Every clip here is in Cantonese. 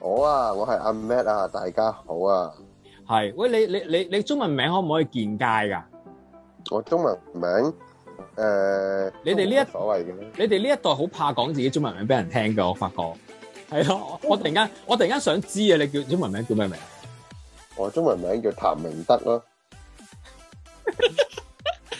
我啊，我係阿 Matt 啊，大家好啊。係，喂，你你你你中文名可唔可以簡介噶？我中文名誒，你哋呢一所謂嘅咩？你哋呢一代好怕講自己中文名俾人聽嘅，我發覺。係咯，我突然間，我突然間想知啊，你叫中文名叫咩名？我中文名叫譚明德咯。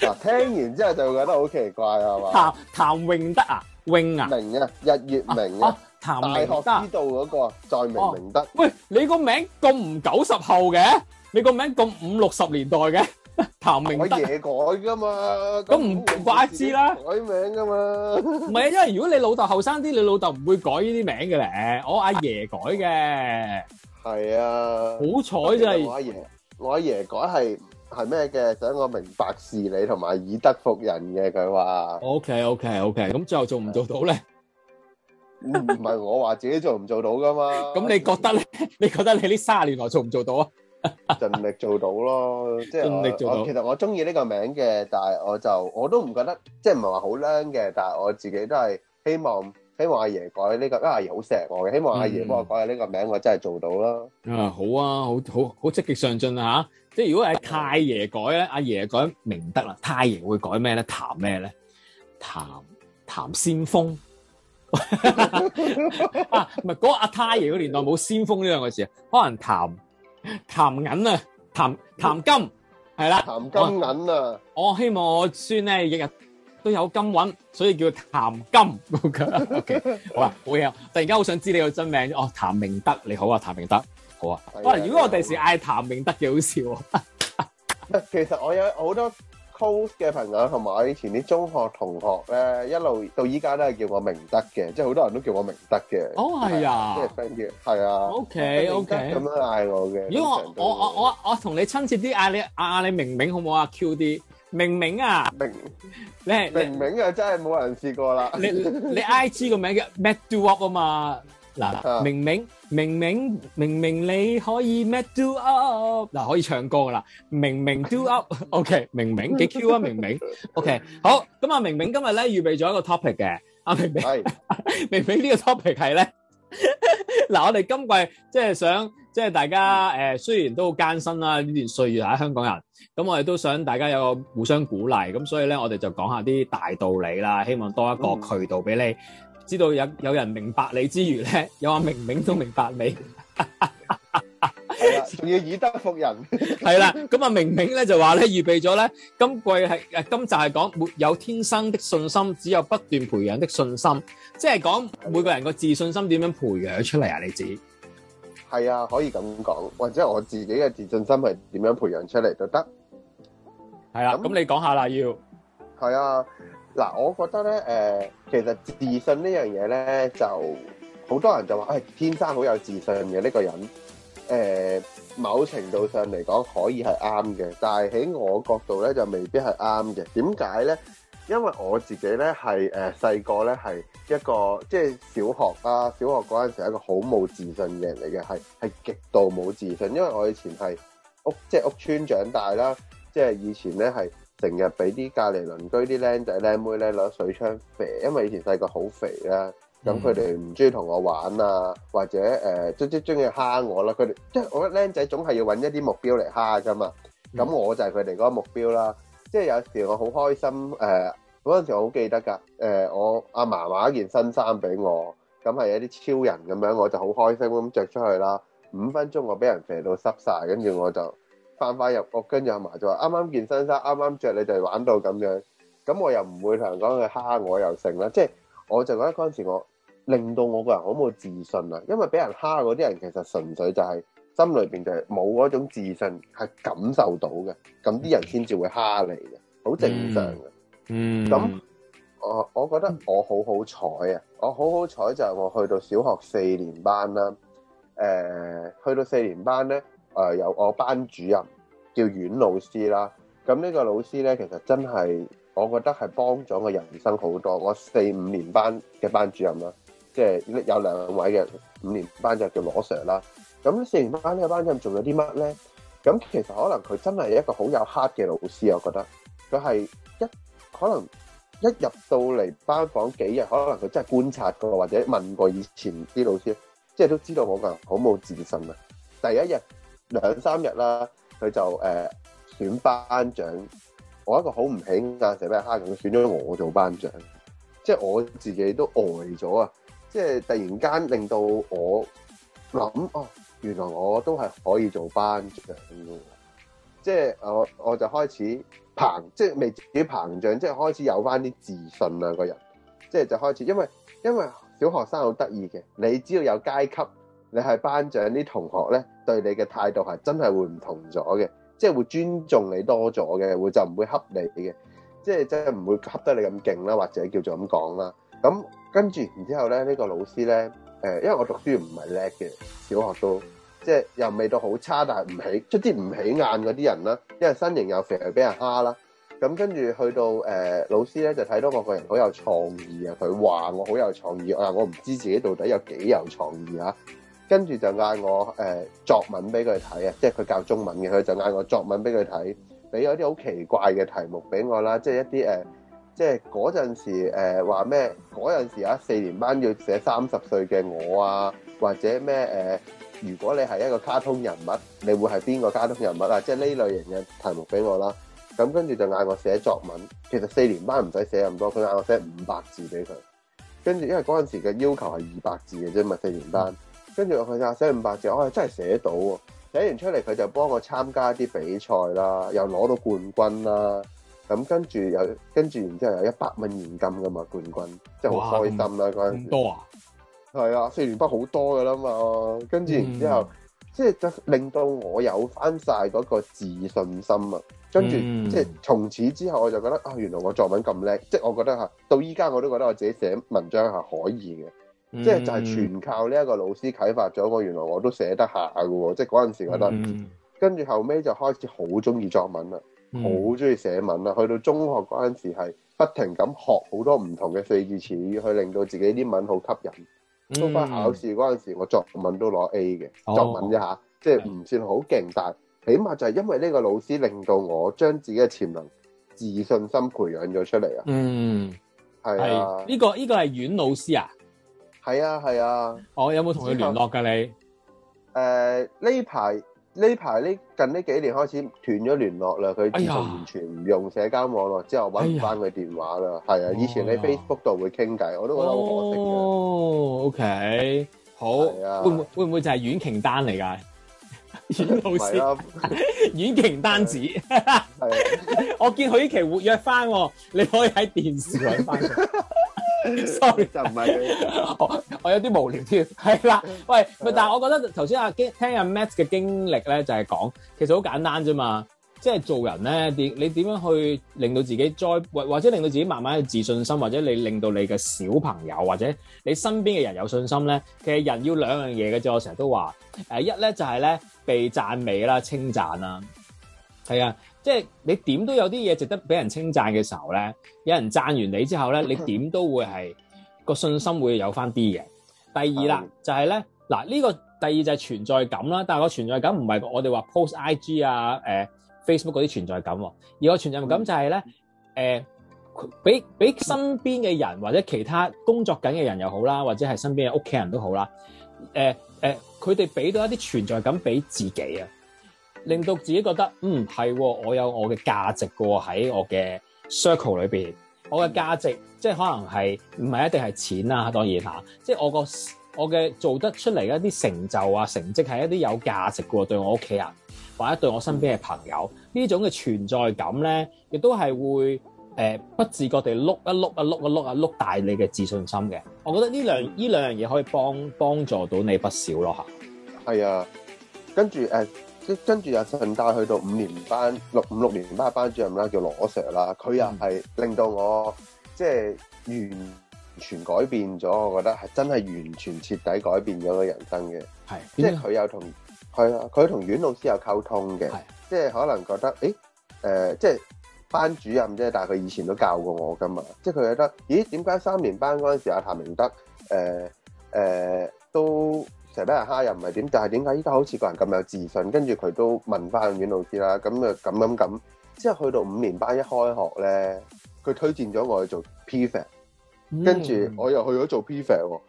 嗱，聽完之後就會覺得好奇怪係嘛？譚譚明德啊，明啊，明啊，日月明啊。大學之道嗰個在明明德。喂，你個名咁唔九十後嘅，你個名咁五六十年代嘅。譚明德。改嘢改噶嘛？咁唔怪一知啦。改名噶嘛？唔係啊，因為如果你老豆後生啲，你老豆唔會改呢啲名嘅咧。我阿爺改嘅。係啊。好彩就係。我阿爺，我阿爺改係係咩嘅？想我明白事理同埋以德服人嘅，佢話。O K O K O K，咁最後做唔做到咧？唔唔，係我話自己做唔做到噶嘛？咁你覺得咧？你覺得你呢三十年來做唔做到啊？盡 力做到咯，即係。盡力做到。其實我中意呢個名嘅，但係我就我都唔覺得即係唔係話好靚嘅，但係我自己都係希望希望阿爺改呢個，因為阿爺好錫我嘅，希望阿爺幫我改下呢個名，嗯，我真係做到咯。啊、嗯，好啊，好好好積極上進啊吓！即係如果係太爺改咧，阿爺改明德啦，太爺會改咩咧？談咩咧？談談先鋒。 啊，唔係嗰個阿太爺個年代冇先鋒呢兩個字，可能譚譚銀啊，譚譚金係啦，譚金銀啊我。我希望我孫咧日日都有金搵，所以叫譚金、㗎。Okay，好啦，會啊！突然間好想知你個真名，哦，譚明德，你好啊，譚明德，好啊。可能、啊、如果我第時嗌譚明德，幾好笑啊！ 其實我有好多。post 嘅朋友同埋我以前啲中學同學咧，一路到依家都係叫我明德嘅，即係好多人都叫我明德嘅。哦，係啊，friend 嘅，係啊。O K O K 咁樣嗌我嘅。如、okay. 果我我我我我同你親切啲嗌你嗌你明明好唔好啊？Q 啲明明啊，明你，明明、啊、你，你明明啊，真係冇人試過啦。你你，你 I G 個名叫 m a t Doop 啊嘛。嗱、啊，明明明明明明你可以 met do up，嗱可以唱歌噶啦，明明 do up，OK，、okay, 明明幾 Q 啊，明明，OK，好，咁啊，明明今日咧預備咗一個 topic 嘅，阿明明，明明呢個 topic 係咧，嗱， 我哋今季即係想即係、就是、大家誒、嗯，雖然都好艱辛啦，呢段歲月喺香港人，咁我哋都想大家有個互相鼓勵，咁所以咧我哋就講下啲大道理啦，希望多一個渠道俾你。嗯知道有有人明白你之餘咧，有阿明明都明白你，仲 要以德服人，係 啦。咁阿明明咧就話咧，預備咗咧，今季係誒今集係講沒有天生的信心，只有不斷培養的信心，即係講每個人個自信心點樣培養出嚟啊？你自己，係啊，可以咁講，或者我自己嘅自信心係點樣培養出嚟都得，係啦。咁你講下啦，要。係啊，嗱，我覺得咧，誒、呃，其實自信這件事呢樣嘢咧，就好多人就話，誒、哎，天生好有自信嘅呢，這個人，誒、呃，某程度上嚟講可以係啱嘅，但係喺我角度咧就未必係啱嘅。點解咧？因為我自己咧係誒細個咧係一個即係、就是、小學啦、啊，小學嗰陣時係一個好冇自信嘅人嚟嘅，係係極度冇自信，因為我以前係屋即係、就是、屋村長大啦，即、就、係、是、以前咧係。是成日俾啲隔離鄰居啲僆仔僆妹咧攞水槍肥，因為以前細個好肥啦，咁佢哋唔中意同我玩啊，或者誒都都中意蝦我啦。佢哋即係我覺得僆仔總係要搵一啲目標嚟蝦㗎嘛。咁我就係佢哋嗰個目標啦。即係有時我好開心誒，嗰、呃、陣時我好記得㗎。誒、呃、我阿嫲買一件新衫俾我，咁係一啲超人咁樣，我就好開心咁着出去啦。五分鐘我俾人肥到濕晒。跟住我就。返返入屋，跟住阿嫲就話，啱啱件新衫啱啱着，你就玩到咁樣，咁我又唔會同人講佢蝦我又成啦，即係我就覺得嗰陣時我令到我個人好冇自信啊，因為俾人蝦嗰啲人其實純粹就係、是、心裏面就係冇嗰種自信係感受到嘅，咁啲人先至會蝦你嘅，好正常嘅。嗯，咁、嗯、我我覺得我好好彩啊，我好好彩就係我去到小學四年班啦、呃，去到四年班咧。誒有我班主任叫阮老師啦。咁呢個老師咧，其實真係我覺得係幫咗我人生好多。我四五年班嘅班主任啦，即係有兩位嘅五年班就叫羅 Sir 啦。咁四年班呢個班主任做咗啲乜咧？咁其實可能佢真係一個好有 heart 嘅老師，我覺得佢係一可能一入到嚟班房幾日，可能佢真係觀察過或者問過以前啲老師，即係都知道我個好冇自信啊。第一日。兩三日啦，佢就誒、呃、選班長，我一個好唔起眼成日俾人蝦嘅，選咗我做班長，即係我自己都呆咗啊！即係突然間令到我諗哦，原來我都係可以做班長嘅，即係我我就開始膨，即係未至於膨脹，即係開始有返啲自信啊，個人，即係就開始，因為因為小學生好得意嘅，你知道有階級。你係班長，啲同學咧，對你嘅態度係真係會唔同咗嘅，即係會尊重你多咗嘅，會的就唔會恰你嘅，即係真係唔會恰得你咁勁啦，或者叫做咁講啦。咁跟住然之後咧，呢個老師咧，誒，因為我讀書唔係叻嘅，小學都即係又未到好差，但係唔起，出啲唔起眼嗰啲人啦。因為身形又肥，又俾人蝦啦。咁跟住去到誒、呃、老師咧，就睇到我個人好有創意啊！佢話我好有創意啊！我唔知自己到底有幾有創意啊！跟住就嗌我誒、呃、作文俾佢睇啊，即係佢教中文嘅，佢就嗌我作文俾佢睇，俾咗啲好奇怪嘅題目俾我啦，即係一啲、呃、即係嗰陣時誒話咩？嗰、呃、陣時啊，四年班要寫三十歲嘅我啊，或者咩誒、呃？如果你係一個卡通人物，你會係邊個卡通人物啊？即係呢類型嘅題目俾我啦。咁跟住就嗌我寫作文。其實四年班唔使寫咁多，佢嗌我寫五百字俾佢。跟住因為嗰陣時嘅要求係二百字嘅啫嘛，四年班。跟住佢教寫五百字，我、哦、係、哎、真係寫到、啊，寫完出嚟佢就幫我參加啲比賽啦，又攞到冠軍啦。咁跟住有，跟住然之後有一百蚊現金噶嘛，冠軍真係好開心啦嗰陣時。多啊，係啊，五百字好多噶啦嘛。跟住然之後，嗯、即係就令到我有翻晒嗰個自信心啊。跟住、嗯、即係從此之後，我就覺得啊，原來我作文咁叻，即係我覺得吓，到依家我都覺得我自己寫文章係可以嘅。即係就係全靠呢一個老師啟發咗我，原來我都寫得下噶喎。即係嗰陣時覺得，嗯、跟住後尾就開始好中意作文啦，好中意寫文啦。去到中學嗰陣時係不停咁學好多唔同嘅四字詞語，去令到自己啲文好吸引。到、嗯、返考試嗰陣時，我作文都攞 A 嘅，哦，作文一下即係唔算好勁，嗯，但係起碼就係因為呢個老師令到我將自己嘅潛能、自信心培養咗出嚟啊。嗯，係啊，呢、這個呢、這個係阮老師啊。係啊係啊，我、啊哦、有冇同佢聯絡噶你？誒，呢排呢排呢近呢幾年開始斷咗聯絡啦，佢自從完全唔用社交網絡，之後搵唔翻佢電話啦。係、哎、啊，以前喺 Facebook 度會傾偈，我都覺得好可惜哦，哦，OK，好，啊、會唔會會唔會就係苑瓊丹嚟噶？苑老師，苑瓊丹子，啊啊、 我見佢呢期活躍翻，哦，你可以喺電視睇翻。 Sorry, 就唔係 我，我有啲無聊添係啦，喂，但係我覺得頭先阿聽阿、啊、Matt 嘅經歷咧，就係、是、講其實好簡單啫嘛，即、就、係、是、做人咧，你你點樣去令到自己再或或者令到自己慢慢有自信心，或者你令到你嘅小朋友或者你身邊嘅人有信心咧，其實人要兩樣嘢嘅啫，我成日都話誒、啊，一咧就係、是、咧被讚美啦、稱讚啦，係啊。即係你點都有啲嘢值得俾人稱讚嘅時候咧，有人讚完你之後咧，你點都會係 個信心會有翻啲嘅。第二啦，就係咧嗱呢、呢個第二就係存在感啦。但係個存在感唔係我哋話 post IG 啊，誒、呃、Facebook 嗰啲存在感，啊，而個存在感就係咧，誒俾俾身邊嘅人或者其他工作緊嘅人又好啦，或者係身邊嘅屋企人都好啦，誒、呃、誒，佢哋俾到一啲存在感俾自己啊。令到自己覺得嗯，係，我有我嘅價值嘅，喺我嘅 circle 裏邊，我嘅價值即係可能係唔係一定係錢啦，啊，當然嚇，即係我個我嘅做得出嚟嘅一啲成就啊成績係一啲有價值嘅，對我屋企人或者對我身邊嘅朋友呢種嘅存在感咧，亦都係會誒、呃、不自覺地碌一碌一碌一碌一碌大你嘅自信心嘅。我覺得呢兩呢兩樣嘢可以幫幫助到你不少咯嚇。係啊，跟住誒。呃跟跟住又順帶去到五年班六五六年班嘅班主任啦，叫羅 Sir 啦，佢又係令到我即係、就是、完全改變咗，我覺得係真係完全徹底改變咗個人生嘅。係，即係佢又同係啊，佢同阮老師有溝通嘅，即係、就是、可能覺得誒誒，即、欸、係、呃就是、班主任啫，但係佢以前都教過我噶嘛，即係佢覺得咦，點解三年班嗰陣時候阿譚明德誒誒、呃呃、都？成班人蝦又唔係點，但係點解依家好似個人咁有自信？跟住佢都問翻軟老師啦，咁啊咁咁咁，之後去到五年班一開學咧，佢推薦咗我去做 PFA，、嗯、跟住我又去咗做 PFA，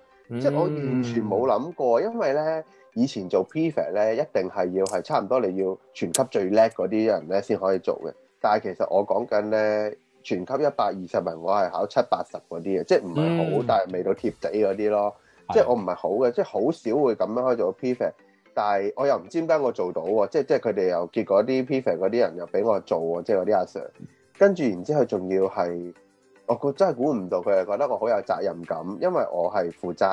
即係我完全冇諗過、嗯，因為咧以前做 PFA 咧一定係要係差唔多你要全級最叻嗰啲人咧先可以做嘅。但係其實我講緊咧，全級一百二十人，我係考七八十嗰啲嘅，即係唔係好、嗯、但係未到貼地嗰啲咯。即係我唔係好嘅，即係好少會咁樣開做 PFA，但係我又唔知點解我做到喎，即係即係佢哋又結果啲 PFA 嗰啲人又俾我做喎，即係啲阿 Sir，跟住然之後仲要係我估真係估唔到，佢係覺得我好有責任感，因為我係負責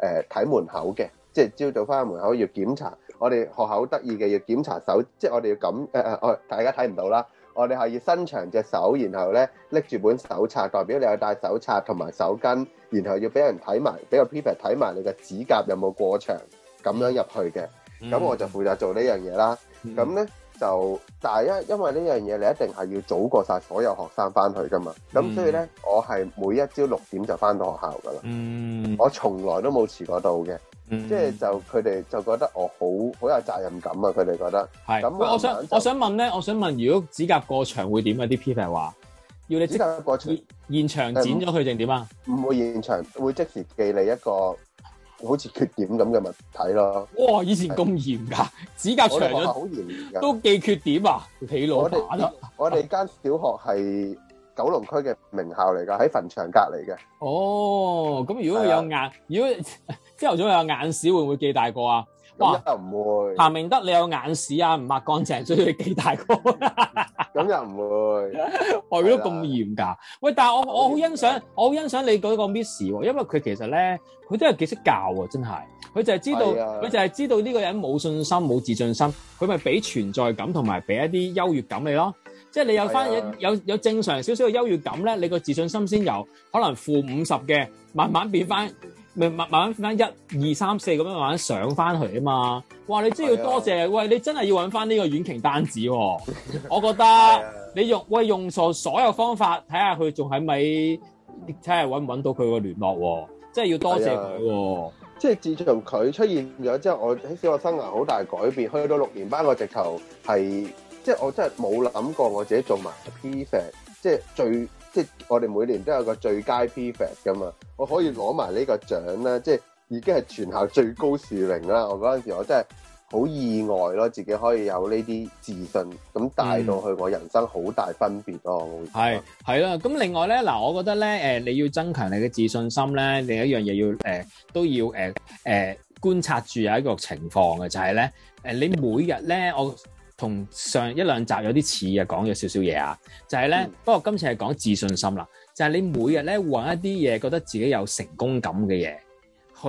誒睇、呃、門口嘅，即係朝早翻去門口要檢查，我哋學校好得意嘅要檢查手，即係我哋要咁我、呃、大家睇唔到啦。我哋係要伸長隻手，然後咧拎住本手冊，代表你有帶手冊同埋手巾，然後要俾人睇埋，俾個 paper 睇埋你嘅指甲有冇過長，咁樣入去嘅，咁、嗯、我就負責做呢樣嘢啦。咁、嗯、咧。就但係因因為呢樣嘢你一定係要早過晒所有學生翻去噶嘛，咁所以咧、嗯、我係每一朝六點就翻到學校噶啦、嗯，我從來都冇遲過到嘅、嗯，即係就佢哋就覺得我好好有責任感啊，佢哋覺得係。咁我想我想問咧，我想問，我想問如果指甲過長會點啊？啲 P 大話要你指甲過長，現場剪咗佢定點啊？唔會現場會即時寄你一個。好似缺點咁嘅問題咯。哇、哦！以前咁嚴噶，指甲長咗好嚴噶，都記缺點啊？你攞把啦。我哋間小學係九龍區嘅名校嚟噶，喺墳場隔籬嘅。哦，咁如果有眼，如果朝頭早有眼屎，會唔會記大過啊？哇、哦！唔會，譚明德，你有眼屎啊？唔抹乾淨，最你幾大個？咁又唔會，外表咁嚴噶？喂！但係我我好欣賞，我好欣賞你嗰個 Miss 喎，因為佢其實咧，佢真係幾識教喎，真係。佢就係知道，佢就係知道呢個人冇信心、冇自信心，佢咪俾存在感同埋俾一啲優越感你咯。即係你有翻有有正常少少嘅優越感咧，你個自信心先有。可能負五十嘅，慢慢變翻。咪慢慢慢，一二三四咁樣慢慢上翻佢啊嘛！哇！你真係要多謝，謝、啊，喂！你真係要揾翻呢個遠橋單子喎、哦！我覺得你用、啊、喂用上所有方法，睇下佢仲係咪睇下揾唔揾到佢個聯絡喎、哦！即係要多謝佢喎、哦！即係、啊就是、自從佢出現咗之後，我喺小學生涯好大改變，去到六年班個直頭係即係我真係冇諗過我自己做埋 P.F. 即係最。即係我哋每年都有個最佳 P.P. 嘅嘛，我可以攞埋呢個獎啦，即係已經係全校最高殊榮啦。我嗰陣時我真係好意外咯，自己可以有呢啲自信，咁帶到去我人生好大分別咯。係係啦，咁另外咧，嗱，我覺得咧，誒、呃，你要增強你嘅自信心咧，另一樣嘢要，誒、呃，都要，誒、呃，誒、呃，觀察住有一個情況嘅，就係咧，誒、呃，你每日咧，我。同上一兩集有啲似啊，講咗少少嘢啊，就係、是、咧。不過今次係講自信心啦，就係、是、你每日咧搵一啲嘢，覺得自己有成功感嘅嘢，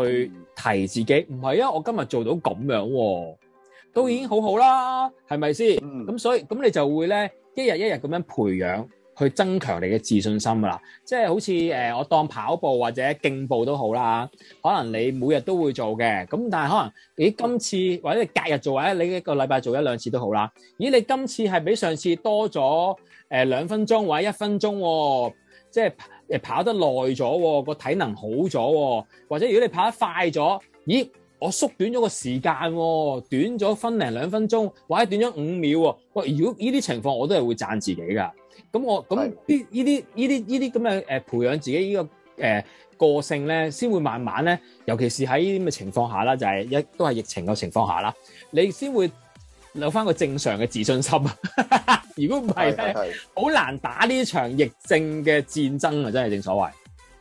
去提自己。唔係啊，我今日做到咁樣，啊，都已經好好啦，係咪先？咁所以咁你就會咧，一日一日咁樣培養。去增強你嘅自信心噶啦，即係好似誒我當跑步或者競步都好啦，可能你每日都會做嘅，咁但係可能你今次或者你隔日做或者你一個禮拜做一兩次都好啦，咦，你今次係比上次多咗誒兩分鐘或者一分鐘，即係誒跑得耐咗，個體能好咗，或者如果你跑得快咗，咦？我縮短咗個時間，哦，短咗分零兩分鐘，或者短咗五秒喎。喂，如果呢啲情況，我都係會讚自己噶。咁我咁呢啲、呢啲、呢啲咁嘅誒，培養自己呢、呢個誒、呃、個性咧，先會慢慢咧。尤其是喺呢啲咁嘅情況下啦，就係、係、一都係疫情嘅情況下啦，你先會留翻個正常嘅自信心。 如果唔係咧，好難打呢場疫症嘅戰爭啊！真係正所謂。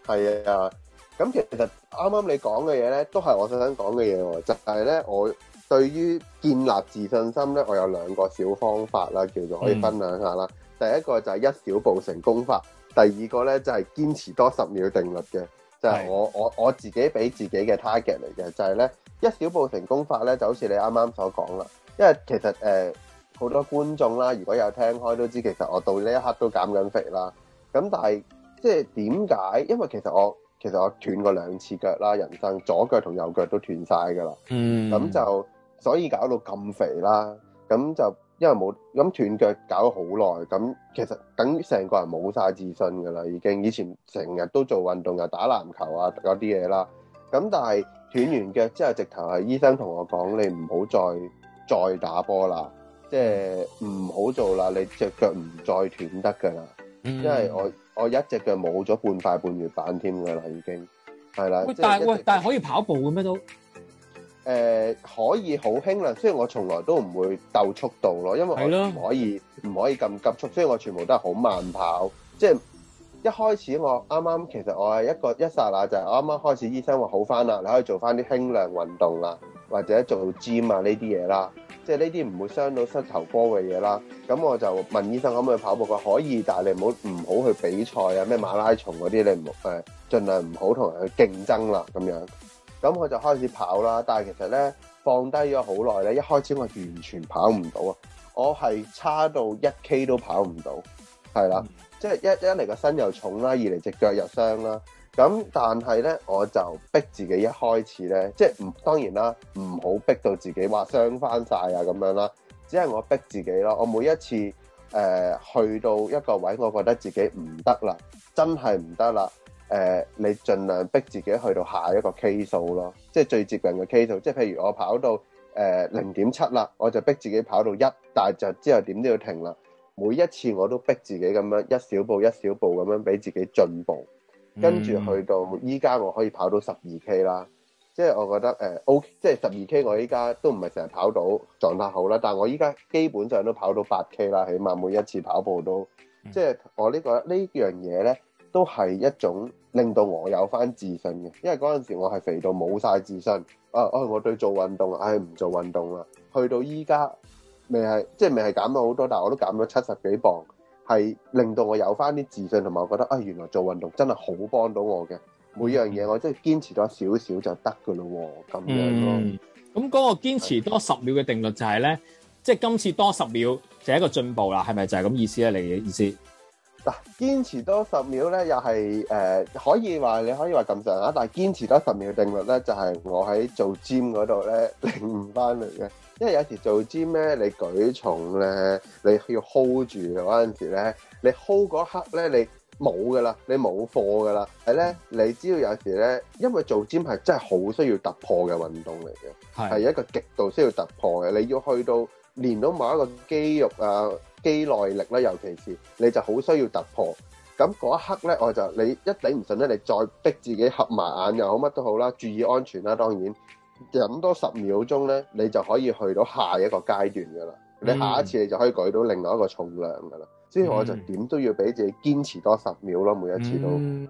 係啊，咁其實。啱啱你講嘅嘢咧，都係我想講嘅嘢喎。就係、是、咧，我對於建立自信心咧，我有兩個小方法啦，叫做可以分享下啦。嗯、第一個就係一小步成功法，第二個咧就係堅持多十秒定律嘅，就係、是、我我我自己俾自己嘅 target 嚟嘅，就係、是、咧一小步成功法咧，就好似你啱啱所講啦，因為其實誒好、呃、多觀眾啦，如果有聽開都知，其實我到呢一刻都減緊肥啦，咁但係即係點解？因為其實我。其實我斷過兩次腳啦，人生左腳同右腳都斷晒㗎啦。咁、嗯、就所以搞到咁肥啦。咁就因為冇咁斷腳搞咗好耐，咁其實等成個人冇晒自信㗎啦，已經。以前成日都做運動，又打籃球啊嗰啲嘢啦。咁但係斷完腳之後，直頭係醫生同我講：你唔好再再打波啦，即係唔好做啦。你隻腳唔再斷得㗎啦，因為我。我一隻腳冇咗半塊半月板添㗎啦，已經係啦、即係。但係但係可以跑步嘅咩？都、呃、可以好輕量。雖然我從來都唔會鬥速度咯，因為我唔可以唔可以咁急速，所以我全部都係好慢跑。即、就、係、是、一開始我啱啱其實我係一個一剎那就係我啱啱開始，醫生話好翻啦，你可以做翻啲輕量運動啦，或者做 gym 啊呢啲嘢啦。即係呢啲唔會傷到膝頭哥嘅嘢啦。咁我就問醫生可唔可以跑步？佢，可以，但係你唔好唔好去比賽啊，咩馬拉松嗰啲，你唔誒，盡量唔好同人去競爭啦。咁樣咁我就開始跑啦。但係其實咧放低咗好耐咧，一開始我完全跑唔到啊！我係差到一 K 都跑唔到，係啦，即、嗯、係一一嚟，個身又重啦，二嚟隻腳又傷啦。咁，但係咧，我就逼自己一開始咧，即係唔當然啦，唔好逼到自己話傷翻晒啊咁樣啦。只係我逼自己咯。我每一次誒、呃、去到一個位，我覺得自己唔得啦，真係唔得啦。誒、呃，你儘量逼自己去到下一個 K 數咯，即係最接近嘅 K 數。即係譬如我跑到誒零點七啦，我就逼自己跑到一，但係就之後點都要停啦。每一次我都逼自己咁樣一小步一小步咁樣俾自己進步。跟、嗯、住去到依家，我可以跑到十二 K 啦，即、就、係、是、我覺得誒 OK，即係十二 K 我依家都唔係成日跑到狀態好啦，但係我依家基本上都跑到八 K 啦，起碼每一次跑步都，即、就、係、是、我、這個這個、呢個呢樣嘢咧，都係一種令到我有翻自信嘅，因為嗰陣時我係肥到冇晒自信，啊、哎，我對做運動，唉、哎，唔做運動啦，去到依家未係，即、就、係、是、未係減咗好多，但係我都減咗七十幾磅。係令到我有翻啲自信，同埋我覺得啊、哎，原來做運動真係好幫到我嘅每樣嘢。我即係堅持咗少少就得噶咯，咁樣咯。咁、嗯、嗰個堅持多十秒嘅定律就係咧，即係今次多十秒就係一個進步啦，係咪就係咁意思啊？你嘅意思？堅持多十秒咧，又係誒可以話你可以話咁上下！但係堅持多十秒定律咧，就係、是、我喺做 gym 嗰度咧，領悟翻嚟嘅。因為有時做 gym 咧，你舉重咧，你要 hold 住嗰陣時咧，你 hold 嗰刻咧，你冇噶啦，你冇貨噶啦。係咧，你知道有時咧，因為做 gym 係真係好需要突破嘅運動嚟嘅，係一個極度需要突破嘅。你要去到練到某一個肌肉啊～肌耐力啦，尤其是你就好需要突破。咁嗰一刻咧，我就你一頂唔順咧，你再逼自己合埋眼又好，乜都好啦，注意安全啦。當然，忍多十秒鐘咧，你就可以去到下一個階段噶啦。你下一次你就可以舉到另外一個重量噶啦，嗯。所以我就點都要俾自己堅持多十秒咯，每一次都。嗯、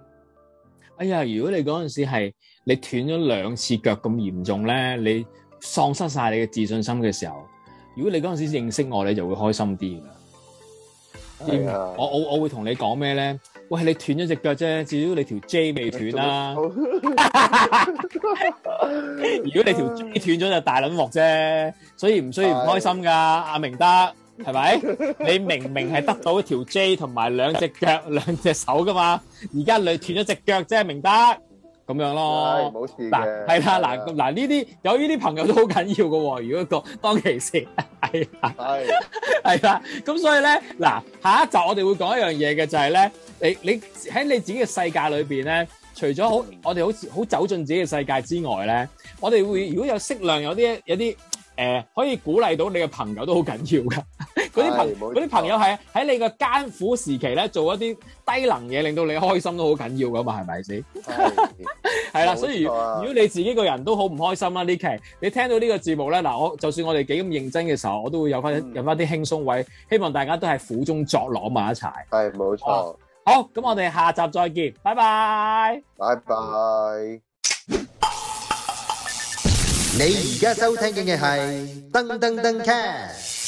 哎呀，如果你嗰陣時係你斷咗兩次腳咁嚴重咧，你喪失晒你嘅自信心嘅時候，如果你嗰陣時認識我，你就會開心啲噶。我我我會同你講咩咧？喂，你斷咗隻腳啫，至少你條 J 未斷啦。如果你條 J 斷咗就大卵鑊啫，所以唔需要唔開心噶。阿明德係咪？你明明係得到一條 J 同埋兩隻腳兩隻手噶嘛，而家你斷咗隻腳啫，明德。咁樣咯，冇事，嗱，係啦，嗱，嗱呢啲有呢啲朋友都好緊要嘅喎。如果當當其時，係係啦，咁 所以咧，嗱，下一集我哋會講一樣嘢嘅，就係、是、咧，你你喺你自己嘅世界裏面咧，除咗好，我哋好似好走進自己嘅世界之外咧，我哋會如果有適量有啲有啲、呃、可以鼓勵到你嘅朋友都好緊要㗎。嗰啲朋啲朋友係喺你個艱苦時期咧，做一啲低能嘢，令到你開心都好緊要噶嘛，係咪先？係、哎、啦， 所以如果你自己個人都好唔開心啦，呢期你聽到呢個節目咧，嗱，我就算我哋幾咁認真嘅時候，我都會有翻有翻啲輕鬆位、嗯，希望大家都係苦中作樂，埋一齊。係，冇錯。好，咁我哋下集再見，拜拜，拜拜。你而家收聽嘅係登登登 cast。